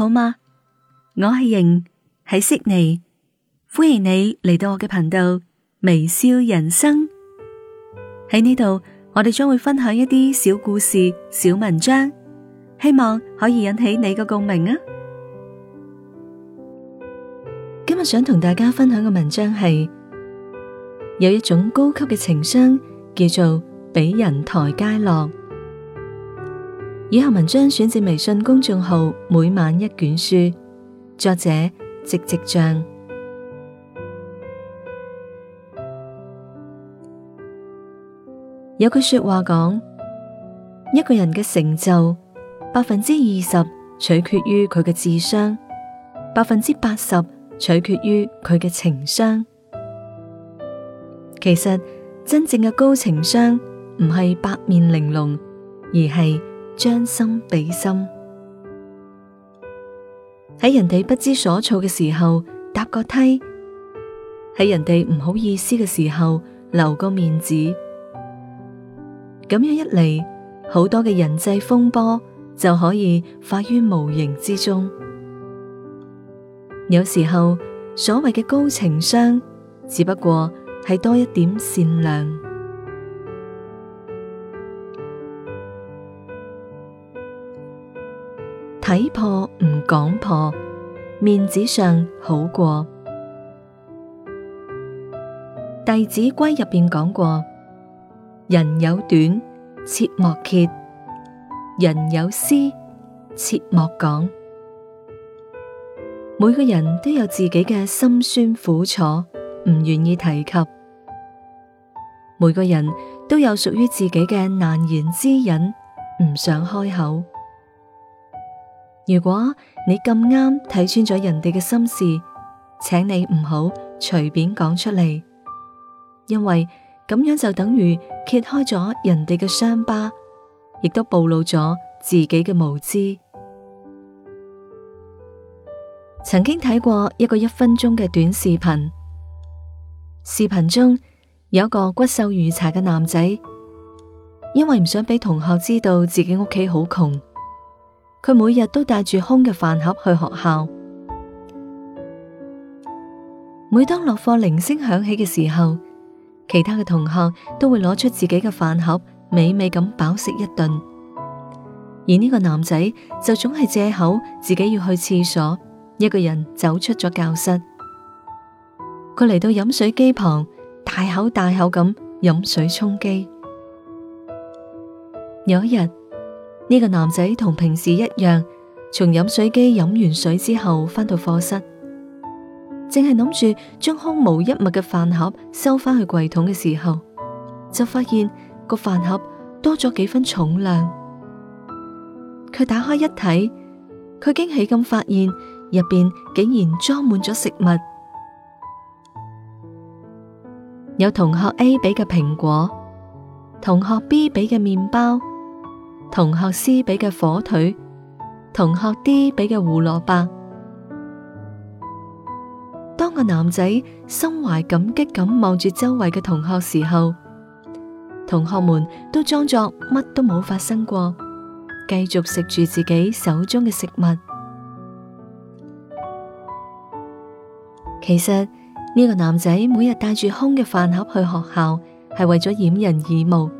好嗎？我係瑩，喺悉尼，歡迎你嚟到我嘅頻道微笑人生。喺呢度，我哋將會分享一啲小故事、小文章，希望可以引起你嘅共鳴啊！今日想同大家分享嘅文章係有一種高級嘅情商，叫做俾人台階落。以下文章選自微信公眾號《每晚一卷書》，作者直直醬。有句話說話講，一個人嘅成就百分之二十取決於佢嘅智商，百分之八十取決於佢嘅情商。其實真正嘅高情商唔係八面玲瓏，而係，將心比心，喺人哋不知所措嘅時候搭個梯，喺人哋唔好意思嘅時候留個面子，咁樣一嚟，好多嘅人際風波就可以化於無形之中。有時候所謂嘅高情商，只不過係多一點善良。睇破唔講破，面子上好過。弟子規入邊講過：人有短，切莫揭；人有私，切莫講。每個人都有自己嘅心酸苦楚，唔願意提及；每個人都有屬於自己嘅難言之隱，唔想開口。如果你咁啱睇穿咗人哋嘅心事，請你唔好隨便講出嚟，因為咁樣就等於揭開咗人哋嘅傷疤，亦都暴露咗自己嘅無知。 曾經睇過一個一分鐘嘅短視頻，視頻中有個骨瘦如柴嘅男仔，因為唔想俾同學知道自己屋企好窮。佢每日都帶住空嘅飯盒去學校。每當落課鈴聲響起嘅時候，其他嘅同學都會攞出自己嘅飯盒，美美咁飽食一頓。而呢個男仔就總係借口自己要去廁所，一個人走出咗教室。佢嚟到飲水機旁，大口大口咁飲水充飢。有一日，呢個男仔同平時一樣，從飲水機飲完水之後，翻到課室，淨係諗住將空無一物嘅飯盒收翻去櫃桶嘅時候，就發現個飯盒多咗幾分重量。佢打開一睇，佢驚喜咁發現入邊竟然裝滿咗食物，有同學 A 俾嘅蘋果，同學 B 俾嘅麵包。同學師俾嘅火腿，同學啲俾嘅胡蘿蔔。當個男仔心懷感激咁望住周圍嘅同學時候，同學們都裝作乜都冇發生過，繼續食住自己手中嘅食物。其實呢個男仔每日帶住空嘅飯盒去學校，係爲咗掩人耳目。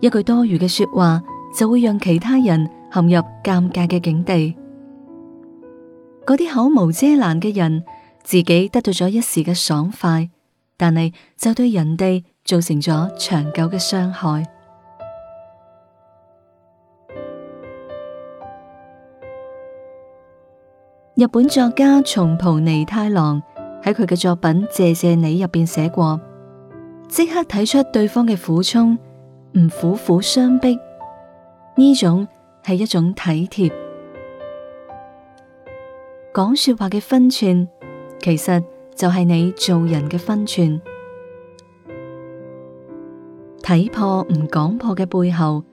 一句多餘嘅說話就會讓其他人陷入尷尬嘅境地。嗰啲口無遮攔嘅人，自己得到咗一時嘅爽快，但係就對人哋造成咗長久嘅傷害。 日本作家松浦彌太郎喺佢嘅作品《謝謝你》入邊寫過，即刻睇出對方嘅苦衷。唔苦苦相逼，呢種係一種體貼。講說話嘅分寸，其實就係你做人嘅分寸。睇破唔講破嘅背後，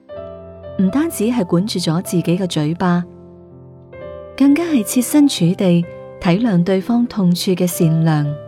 唔單止係管住咗自己嘅嘴巴，更加係設身處地體諒對方痛處嘅善良。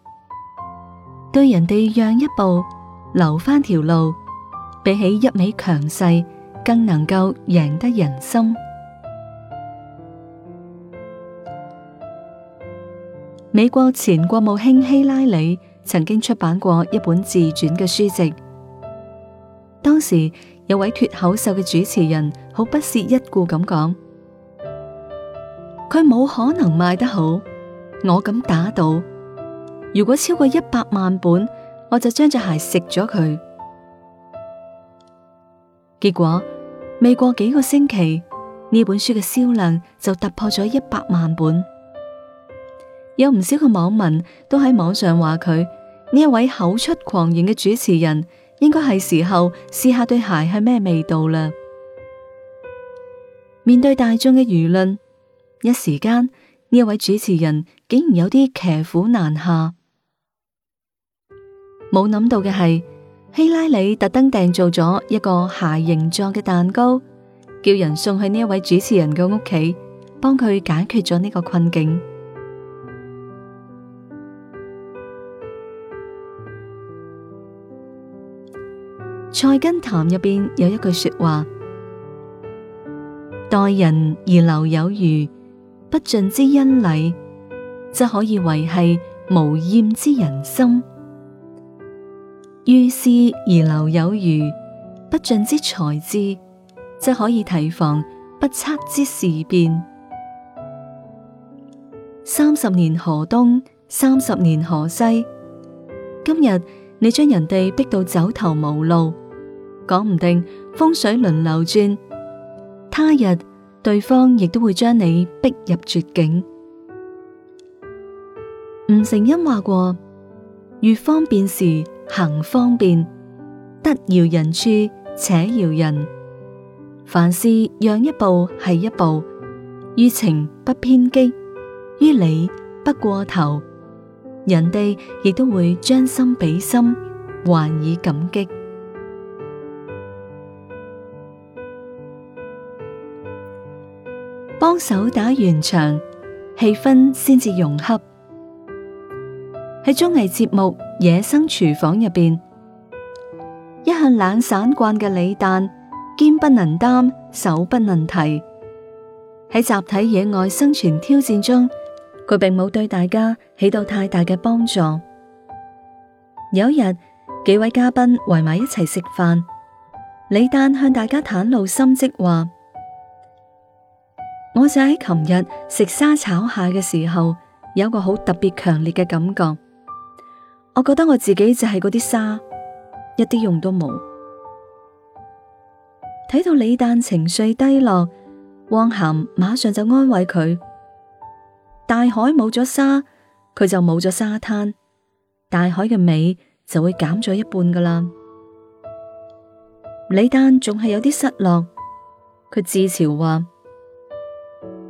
對人哋讓一步，留翻條路，比起一味強勢，更能夠贏得人心。美國前國務卿希拉里曾經出版過一本自傳嘅書籍，當時有位脱口秀嘅主持人，好不屑一顧咁講：佢冇可能賣得好，我敢打賭。如果超過一百萬本，我就將隻鞋食咗佢。結果，未過幾個星期，呢本書嘅銷量就突破咗一百萬本。有唔少嘅網民都喺網上話佢呢一位口出狂言嘅主持人，應該係時候試下對鞋係咩味道啦。面對大眾嘅輿論，一時間，呢一位主持人竟然有啲騎虎難下。冇諗到嘅係，希拉里特登訂做咗一個鞋形狀嘅蛋糕，叫人送去呢一位主持人嘅屋企，幫佢解決咗呢個困境。菜根譚入邊有一句說話：待人而留有餘，不盡之恩禮，則可以維繫無厭之人心。遇事而留有餘，不盡之才智，則可以提防不測之事變。三十年河東，三十年河西。今日你將人哋逼到走投無路，講唔定風水輪流轉，他日對方亦都會將你逼入絕境。吳承恩話過：越方便時。行方便，得饒人處且饒人。凡事讓一步係一步，於情不偏激，於理不過頭，人哋亦都會將心比心，還以感激。幫手打圓場，氣氛先至融洽。喺綜藝節目《野生廚房》入邊，一向懶散慣嘅李誕，肩不能擔，手不能提。喺集體野外生存挑戰中，佢並冇對大家起到太大嘅幫助。有一日，幾位嘉賓圍埋一齊食飯，李誕向大家袒露心迹話：我就喺琴日食沙炒蟹嘅時候，有個好特別強烈嘅感覺。我覺得我自己就係嗰啲沙，一啲用都冇。睇到李誕情緒低落，汪涵馬上就安慰佢：大海冇咗沙，佢就冇咗沙灘，大海嘅美就會減咗一半噶啦。李誕仲係有啲失落，佢自嘲話：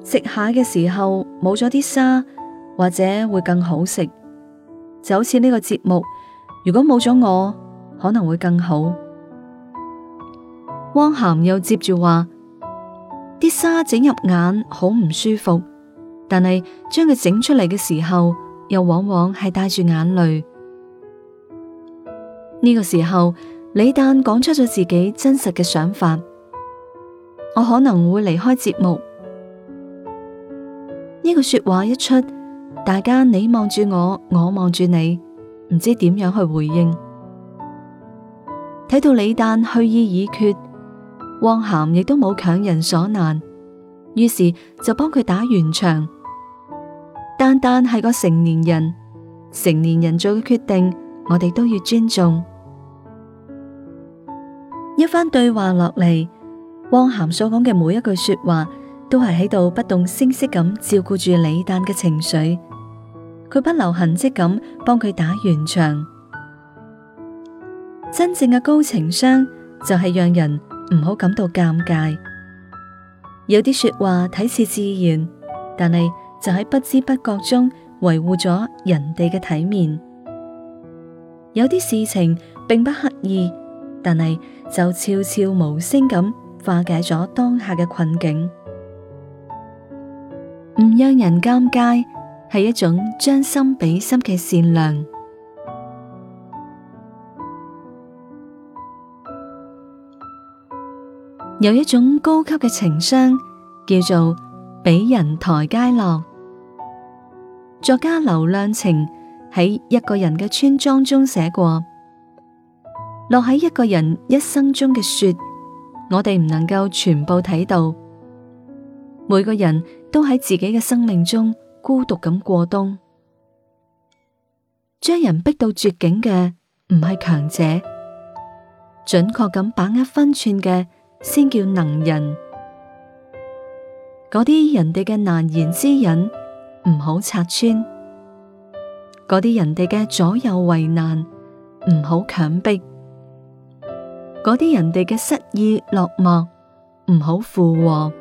食蟹嘅時候冇咗啲沙，或者會更好食。就好似呢個節目，如果冇咗我，可能會更好。汪涵又接住話：啲沙整入眼好唔舒服，但係將佢整出嚟嘅時候，又往往係帶住眼淚。呢個時候，李誕講出咗自己真實嘅想法：我可能會離開節目。呢個說話一出。大家你望住我，我望住你，唔知點樣去回應。睇到李誕去意已決，汪涵亦都冇強人所難，於是就幫佢打圓場。丹丹係個成年人，成年人做嘅決定，我哋都要尊重。一番對話落嚟，汪涵所講嘅每一句說話，都係喺度不動聲色咁照顧住李誕嘅情緒。佢不留痕跡咁幫佢打圓場，真正嘅高情商就係讓人唔好感到尷尬。有啲說話睇似自然，但係就喺不知不覺中維護咗人哋嘅體面。有啲事情並不刻意，但係就悄悄無聲咁化解咗當下嘅困境，唔讓人尷尬。係一種將心比心嘅善良，有一種高級嘅情商，叫做俾人台階落。作家劉亮程喺一個人嘅村莊中寫過：落喺一個人一生中嘅雪，我哋唔能夠全部睇到，每個人都喺自己嘅生命中，孤獨咁過冬，將人逼到絕境嘅唔係強者，準確咁把握分寸嘅先叫能人。嗰啲人哋嘅難言之隱唔好拆穿，嗰啲人哋嘅左右為難唔好強迫，嗰啲人哋嘅失意落寞唔好附和，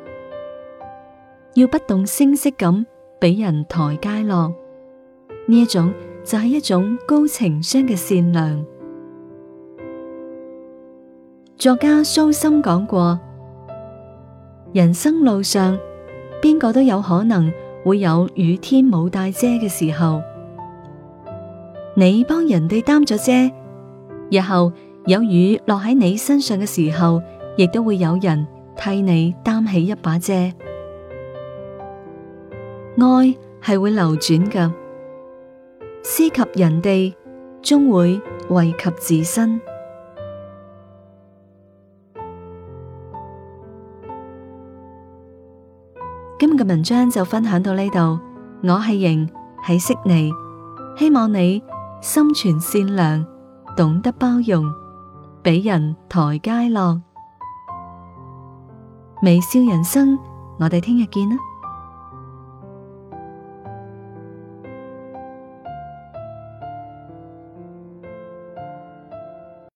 要不動聲色咁。俾人台階落，呢一種就係一種高情商嘅善良。作家蘇心講過：人生路上，邊個都有可能會有雨天冇帶遮嘅時候，你幫人哋擔咗遮，日後有雨落喺你身上嘅時候，亦都會有人替你擔起一把遮。愛係會流轉嘅，施及人哋，終會惠及自身。今日嘅文章就分享到呢度，我係瑩，喺悉尼，希望你心存善良，懂得包容，俾人台階落，微笑人生。我哋聽日見啦。